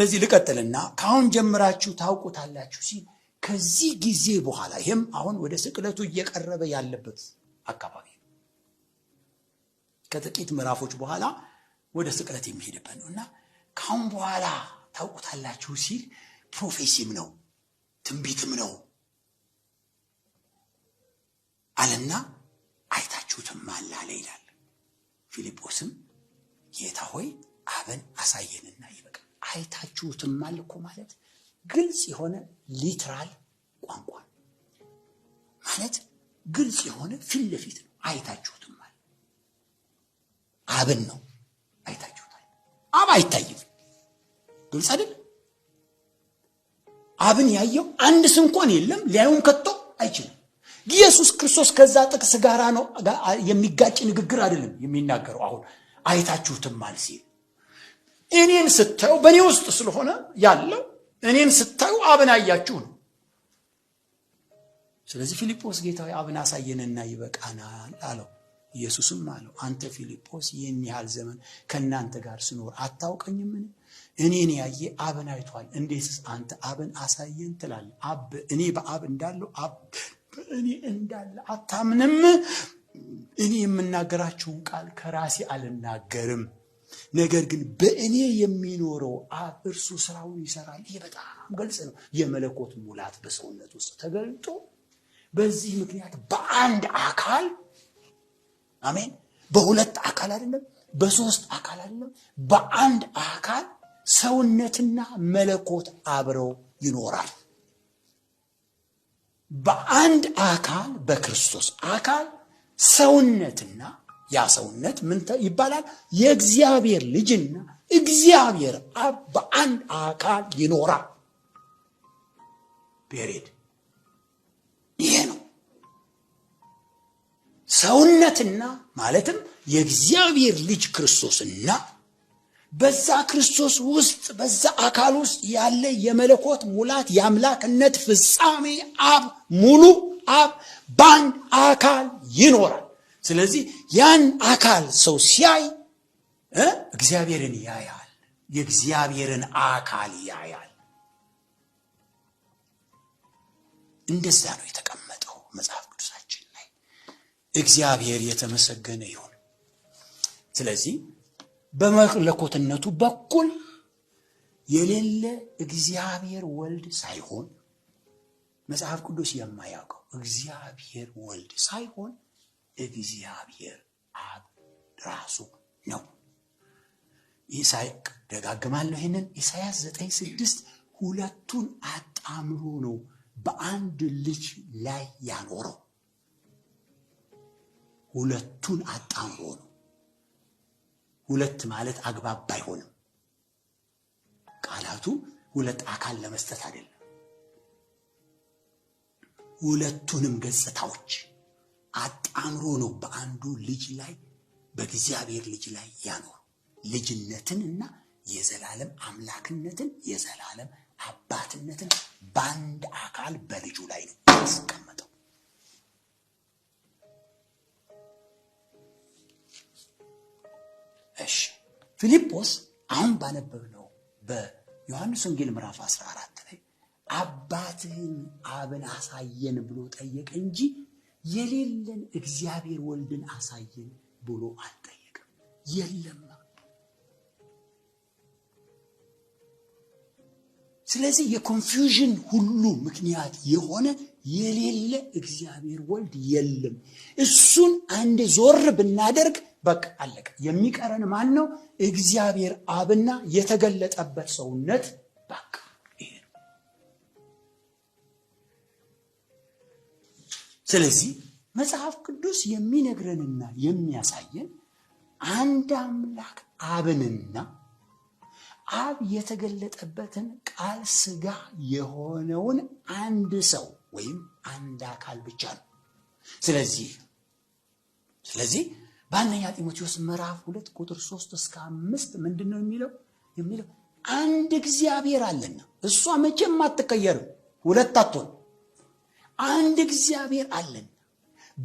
ስለዚህ ልቀጥልና ከአሁን ጀምራችሁ ታውቁታላችሁ ሲል ከዚህ ጊዜ በኋላ ይህም አሁን ወደ ስቅለቱ እየቀረበ ያለበት አካባቢ ነው። ከጥቂት ምዕራፎች በኋላ ወደ ስቅለት የሚሄድበት ነው እና ከአሁን በኋላ ታውቁታላችሁ ሲል ፕሮፌሲም ነው ትንቢትም ነው አለና አይታችሁትም አለ አለ ይላል። ፊልጶስም ጌታ ሆይ አብን አሳየንና ይበል አይታችሁትማል እኮ ማለት ግልጽ የሆነ ሊትራል ቋንቋ ማለት ግልጽ የሆነ ፊት ለፊት ነው። አብን ነው አይታችሁታል። አብ አይታይም። ግልጽ አይደል? አብን ያየው አንድ ስንኳን የለም። ሊያዩን ከቶ አይችልም። ኢየሱስ ክርስቶስ ከዛ ጥቅስ ጋራ ነው የሚጋጭ ንግግር አይደለም የሚናገረው። አሁን አይታችሁትማል ሲል እኔን ስታዩ በእኔ ውስጥ ስለሆነ ያለው እኔን ስታዩ አብን አያችሁ ነው። ስለዚህ ፊልጶስ ጌታ አብን አሳየንና ይበቃናል አለው። ኢየሱስም አለው አንተ ፊልጶስ ይህን ያህል ዘመን ከእናንተ ጋር ስኖር አታውቀኝምን? እኔን ያየ አብን አይቷል። እንዴትስ አንተ አብን አሳየን ትላለ አብ እኔ በአብ እንዳለው አብ በእኔ እንዳለ አታምንም? እኔ የምናገራችሁን ቃል ከራሴ አልናገርም ነገር ግን በእኔ የሚኖረው አብ እርሱ ስራውን ይሰራል። ይህ በጣም ግልጽ ነው። የመለኮት ሙላት በሰውነት ውስጥ ተገልጦ በዚህ ምክንያት በአንድ አካል አሜን፣ በሁለት አካል አይደለም፣ በሶስት አካል አይደለም፣ በአንድ አካል ሰውነትና መለኮት አብረው ይኖራል። በአንድ አካል በክርስቶስ አካል ሰውነትና ያ ሰውነት ምን ይባላል? የእግዚአብሔር ልጅና እግዚአብሔር አብ በአንድ አካል ይኖራል። ፔሬድ ይሄ ነው ሰውነትና ማለትም የእግዚአብሔር ልጅ ክርስቶስና በዛ ክርስቶስ ውስጥ በዛ አካል ውስጥ ያለ የመለኮት ሙላት የአምላክነት ፍጻሜ አብ ሙሉ አብ በአንድ አካል ይኖራል። ስለዚህ ያን አካል ሰው ሲያይ እግዚአብሔርን ያያል፣ የእግዚአብሔርን አካል ያያል። እንደዛ ነው የተቀመጠው መጽሐፍ ቅዱሳችን ላይ። እግዚአብሔር የተመሰገነ ይሁን። ስለዚህ በመለኮትነቱ በኩል የሌለ እግዚአብሔር ወልድ ሳይሆን መጽሐፍ ቅዱስ የማያውቀው እግዚአብሔር ወልድ ሳይሆን እግዚአብሔር አብ ራሱ ነው። ኢሳይ ደጋግማለሁ ይህንን ኢሳያስ ዘጠኝ ስድስት ሁለቱን አጣምሮ ነው በአንድ ልጅ ላይ ያኖረው። ሁለቱን አጣምሮ ነው። ሁለት ማለት አግባብ ባይሆንም ቃላቱ ሁለት አካል ለመስጠት አይደለም። ሁለቱንም ገጽታዎች አጣምሮ ነው በአንዱ ልጅ ላይ በእግዚአብሔር ልጅ ላይ ያኖረው ልጅነትን እና የዘላለም አምላክነትን የዘላለም አባትነትን በአንድ አካል በልጁ ላይ ነው ያስቀመጠው። እሺ ፊልጶስ አሁን ባነበብነው በዮሐንስ ወንጌል ምዕራፍ 14 ላይ አባትህን አብን አሳየን ብሎ ጠየቀ እንጂ የሌለን እግዚአብሔር ወልድን አሳየን ብሎ አልጠየቅም። የለም። ስለዚህ የኮንፊውዥን ሁሉ ምክንያት የሆነ የሌለ እግዚአብሔር ወልድ የለም። እሱን አንድ ዞር ብናደርግ በቃ አለቀ። የሚቀረን ማን ነው? እግዚአብሔር አብና የተገለጠበት ሰውነት በቃ ስለዚህ መጽሐፍ ቅዱስ የሚነግረንና የሚያሳየን አንድ አምላክ አብንና አብ የተገለጠበትን ቃል ስጋ የሆነውን አንድ ሰው ወይም አንድ አካል ብቻ ነው። ስለዚህ ስለዚህ በአንደኛ ጢሞቴዎስ ምዕራፍ ሁለት ቁጥር ሶስት እስከ አምስት ምንድን ነው የሚለው የሚለው አንድ እግዚአብሔር አለና እሷ መቼም አትቀየርም፣ ሁለት አትሆን አንድ እግዚአብሔር አለን።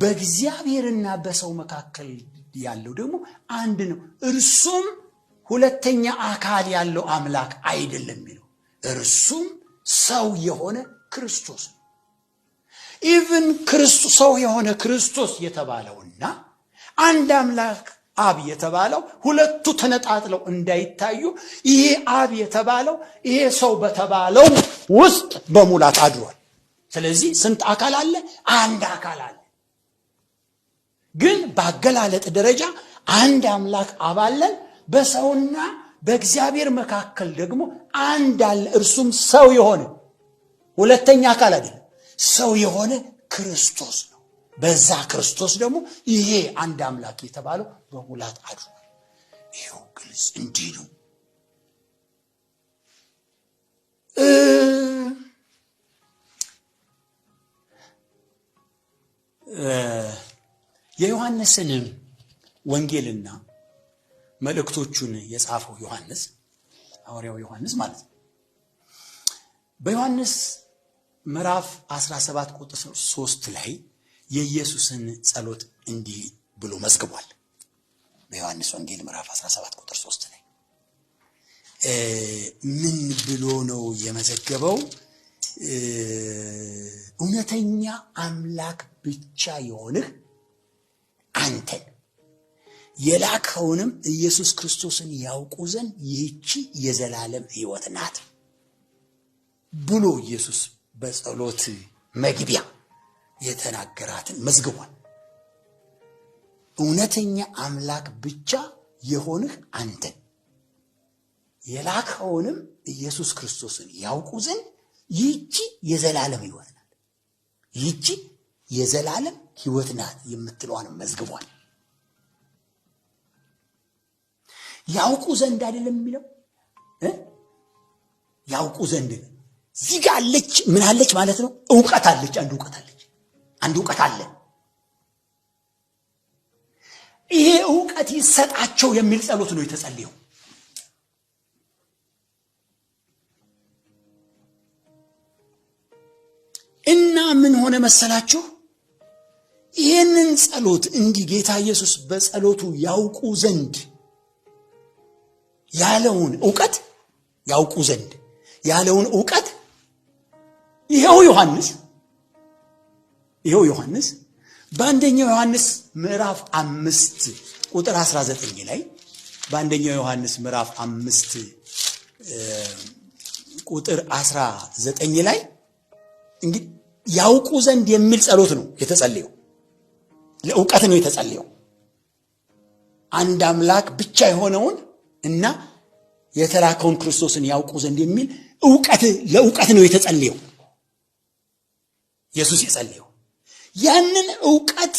በእግዚአብሔርና በሰው መካከል ያለው ደግሞ አንድ ነው። እርሱም ሁለተኛ አካል ያለው አምላክ አይደለም የሚለው እርሱም ሰው የሆነ ክርስቶስ ነው። ኢቭን ክርስቶስ ሰው የሆነ ክርስቶስ የተባለውና አንድ አምላክ አብ የተባለው ሁለቱ ተነጣጥለው እንዳይታዩ ይሄ አብ የተባለው ይሄ ሰው በተባለው ውስጥ በሙላት አድሯል። ስለዚህ ስንት አካል አለ? አንድ አካል አለ። ግን በአገላለጥ ደረጃ አንድ አምላክ አባለን በሰውና በእግዚአብሔር መካከል ደግሞ አንድ አለ። እርሱም ሰው የሆነ ሁለተኛ አካል አይደለም፣ ሰው የሆነ ክርስቶስ ነው። በዛ ክርስቶስ ደግሞ ይሄ አንድ አምላክ የተባለው በሙላት አድ ይኸው ግልጽ እንዲህ ነው። የዮሐንስን ወንጌልና መልእክቶቹን የጻፈው ዮሐንስ ሐዋርያው ዮሐንስ ማለት ነው። በዮሐንስ ምዕራፍ 17 ቁጥር 3 ላይ የኢየሱስን ጸሎት እንዲህ ብሎ መዝግቧል። በዮሐንስ ወንጌል ምዕራፍ 17 ቁጥር 3 ላይ ምን ብሎ ነው የመዘገበው? እውነተኛ አምላክ ብቻ የሆንህ አንተን የላከውንም ኢየሱስ ክርስቶስን ያውቁ ዘንድ ይህቺ የዘላለም ሕይወት ናት ብሎ ኢየሱስ በጸሎት መግቢያ የተናገራትን መዝግቧል። እውነተኛ አምላክ ብቻ የሆንህ አንተን የላከውንም ኢየሱስ ክርስቶስን ያውቁ ዘንድ ይቺ የዘላለም ህይወት ናት፣ ይቺ የዘላለም ህይወት ናት የምትለዋን መዝግቧል። ያውቁ ዘንድ አይደለም የሚለው ያውቁ ዘንድ እዚህ ጋ አለች። ምን አለች ማለት ነው? እውቀት አለች። አንድ እውቀት አለች። አንድ እውቀት አለ። ይሄ እውቀት ይሰጣቸው የሚል ጸሎት ነው የተጸለየው። ምን ሆነ መሰላችሁ? ይህንን ጸሎት እንዲህ ጌታ ኢየሱስ በጸሎቱ ያውቁ ዘንድ ያለውን እውቀት ያውቁ ዘንድ ያለውን እውቀት ይኸው ዮሐንስ ይኸው ዮሐንስ በአንደኛው ዮሐንስ ምዕራፍ አምስት ቁጥር 19 ላይ በአንደኛው ዮሐንስ ምዕራፍ አምስት ቁጥር 19 ላይ እንግዲህ ያውቁ ዘንድ የሚል ጸሎት ነው የተጸለየው። ለእውቀት ነው የተጸለየው። አንድ አምላክ ብቻ የሆነውን እና የተላከውን ክርስቶስን ያውቁ ዘንድ የሚል እውቀት ለእውቀት ነው የተጸለየው። ኢየሱስ የጸለየው ያንን እውቀት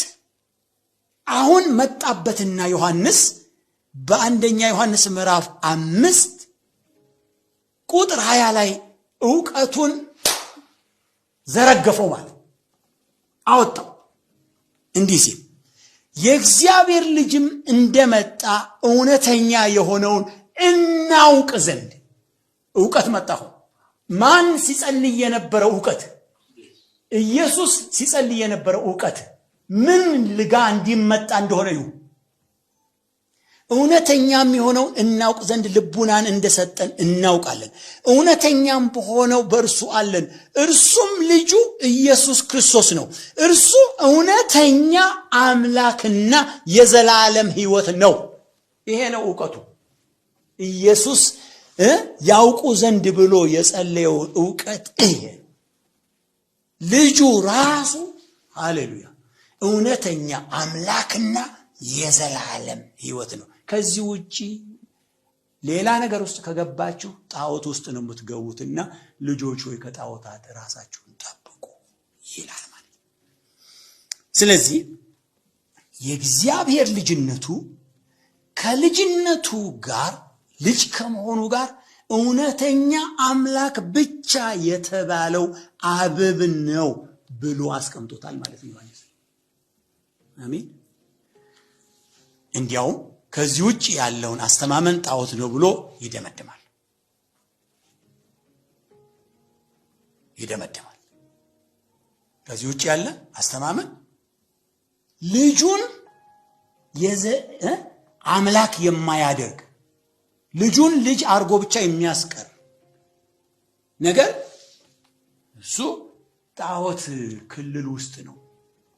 አሁን መጣበትና ዮሐንስ በአንደኛ ዮሐንስ ምዕራፍ አምስት ቁጥር ሀያ ላይ እውቀቱን ዘረገፈው ማለት አወጣው። እንዲህ ሲል የእግዚአብሔር ልጅም እንደመጣ እውነተኛ የሆነውን እናውቅ ዘንድ እውቀት መጣሁ። ማን ሲጸልይ የነበረው እውቀት? ኢየሱስ ሲጸልይ የነበረው እውቀት ምን ልጋ እንዲመጣ እንደሆነ ይሁን እውነተኛም የሆነው እናውቅ ዘንድ ልቡናን እንደሰጠን እናውቃለን። እውነተኛም በሆነው በእርሱ አለን፣ እርሱም ልጁ ኢየሱስ ክርስቶስ ነው። እርሱ እውነተኛ አምላክና የዘላለም ሕይወት ነው። ይሄ ነው እውቀቱ። ኢየሱስ ያውቁ ዘንድ ብሎ የጸለየው እውቀት ይሄ ልጁ ራሱ ሃሌሉያ እውነተኛ አምላክና የዘላለም ሕይወት ነው። ከዚህ ውጪ ሌላ ነገር ውስጥ ከገባችሁ ጣዖት ውስጥ ነው የምትገቡትና ልጆች ሆይ ከጣዖታት ራሳችሁን ጠብቁ ይላል ማለት ነው። ስለዚህ የእግዚአብሔር ልጅነቱ ከልጅነቱ ጋር ልጅ ከመሆኑ ጋር እውነተኛ አምላክ ብቻ የተባለው አብብ ነው ብሎ አስቀምጦታል ማለት ነው። አሜን። እንዲያውም ከዚህ ውጭ ያለውን አስተማመን ጣዖት ነው ብሎ ይደመድማል ይደመድማል። ከዚህ ውጭ ያለ አስተማመን ልጁን አምላክ የማያደርግ ልጁን ልጅ አድርጎ ብቻ የሚያስቀር ነገር እሱ ጣዖት ክልል ውስጥ ነው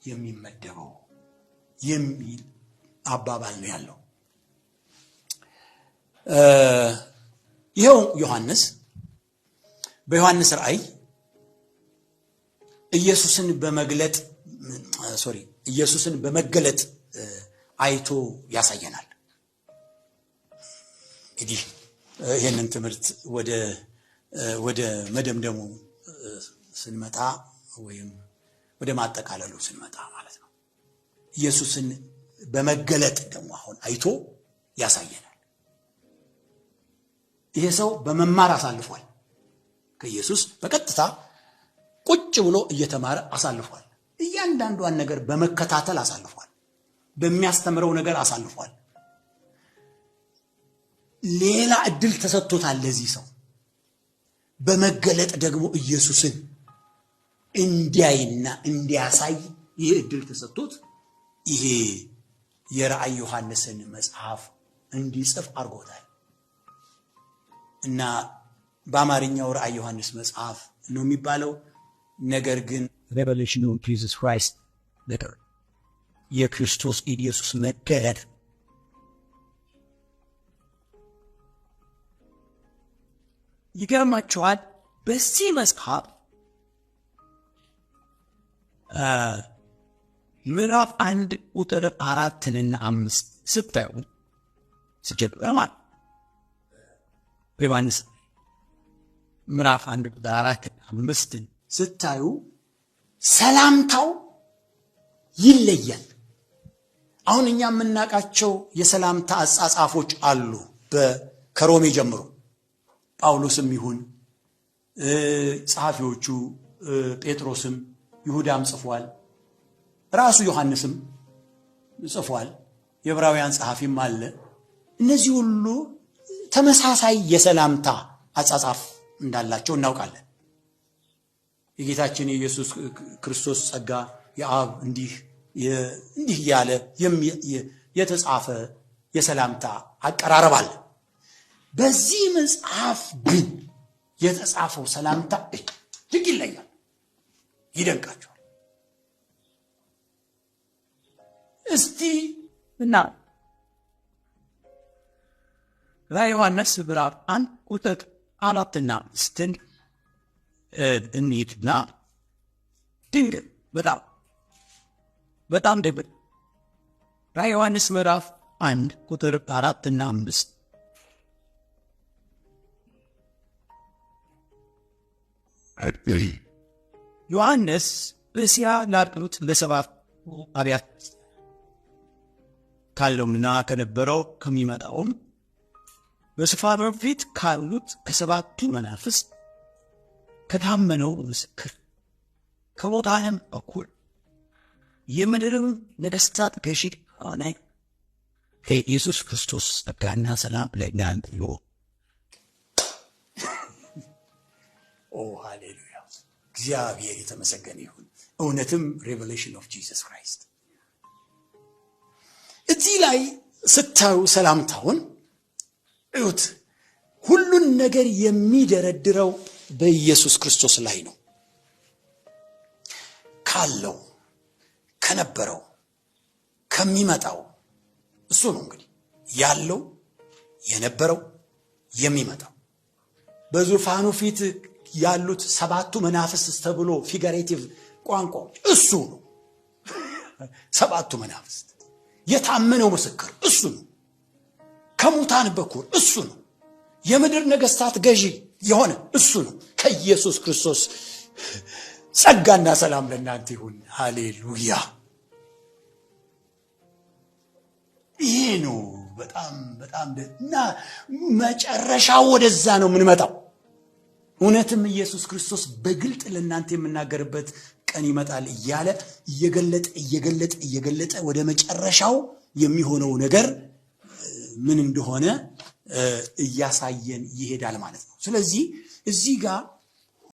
የሚመደበው የሚል አባባል ነው ያለው። ይኸው ዮሐንስ በዮሐንስ ራእይ ኢየሱስን በመግለጥ ሶሪ ኢየሱስን በመገለጥ አይቶ ያሳየናል። እንግዲህ ይህንን ትምህርት ወደ ወደ መደምደሙ ስንመጣ ወይም ወደ ማጠቃለሉ ስንመጣ ማለት ነው ኢየሱስን በመገለጥ ደግሞ አሁን አይቶ ያሳየናል። ይሄ ሰው በመማር አሳልፏል። ከኢየሱስ በቀጥታ ቁጭ ብሎ እየተማረ አሳልፏል። እያንዳንዷን ነገር በመከታተል አሳልፏል። በሚያስተምረው ነገር አሳልፏል። ሌላ እድል ተሰጥቶታል ለዚህ ሰው በመገለጥ ደግሞ ኢየሱስን እንዲያይና እንዲያሳይ ይህ እድል ተሰጥቶት ይሄ የራእይ ዮሐንስን መጽሐፍ እንዲጽፍ አድርጎታል። እና በአማርኛው ራዕይ ዮሐንስ መጽሐፍ ነው የሚባለው። ነገር ግን ሬቨሌሽን ኦፍ ጂሰስ ክራይስት ሌተር የክርስቶስ ኢየሱስ መገለጥ ይገርማችኋል። በዚህ መጽሐፍ ምዕራፍ አንድ ቁጥር አራትንና አምስት ስታዩ ስጀምር ማለት በዮሐንስ ምዕራፍ አንድ ቁጥር አራት አምስትን ስታዩ ሰላምታው ይለያል። አሁን እኛ የምናውቃቸው የሰላምታ አጻጻፎች አሉ። ከሮሜ ጀምሮ ጳውሎስም ይሁን ጸሐፊዎቹ ጴጥሮስም ይሁዳም ጽፏል፣ ራሱ ዮሐንስም ጽፏል፣ የዕብራውያን ጸሐፊም አለ። እነዚህ ሁሉ ተመሳሳይ የሰላምታ አጻጻፍ እንዳላቸው እናውቃለን። የጌታችን የኢየሱስ ክርስቶስ ጸጋ የአብ እንዲህ እንዲህ እያለ የተጻፈ የሰላምታ አቀራረብ አለ። በዚህ መጽሐፍ ግን የተጻፈው ሰላምታ እጅግ ይለያል፣ ይደንቃቸዋል። እስቲ እና በዮሐንስ ምዕራፍ አንድ ቁጥር አራትና አምስትን እንሂድና ድንቅ በጣም በጣም ደብ ድንቅ በዮሐንስ ምዕራፍ አንድ ቁጥር አራትና አምስት ዮሐንስ በእስያ ላሉት ለሰባቱ አብያተ ክርስቲያናት ካለውና ከነበረው ከሚመጣውም በዙፋኑ ፊት ካሉት ከሰባቱ መናፍስት ከታመነው ምስክር ከቦታህም እኩል የምድርም ነገሥታት ገዢ ከሆነ ከኢየሱስ ክርስቶስ ጸጋና ሰላም ለእናንተ ይሁን። ሃሌሉያ! እግዚአብሔር የተመሰገነ ይሁን። እውነትም ሬቨሌሽን ኦፍ ጂሰስ ክራይስት እዚህ ላይ ስታዩ ሰላምታውን እዩት። ሁሉን ነገር የሚደረድረው በኢየሱስ ክርስቶስ ላይ ነው። ካለው ከነበረው ከሚመጣው እሱ ነው እንግዲህ ያለው የነበረው የሚመጣው በዙፋኑ ፊት ያሉት ሰባቱ መናፍስት ተብሎ ፊገሬቲቭ ቋንቋዎች እሱ ነው። ሰባቱ መናፍስት የታመነው ምስክር እሱ ነው። ከሙታን በኩር እሱ ነው። የምድር ነገስታት ገዢ የሆነ እሱ ነው። ከኢየሱስ ክርስቶስ ጸጋና ሰላም ለእናንተ ይሁን። ሃሌሉያ። ይህ ነው። በጣም በጣም እና መጨረሻ ወደዛ ነው የምንመጣው። እውነትም ኢየሱስ ክርስቶስ በግልጥ ለእናንተ የምናገርበት ቀን ይመጣል እያለ እየገለጠ እየገለጠ እየገለጠ ወደ መጨረሻው የሚሆነው ነገር ምን እንደሆነ እያሳየን ይሄዳል ማለት ነው። ስለዚህ እዚህ ጋር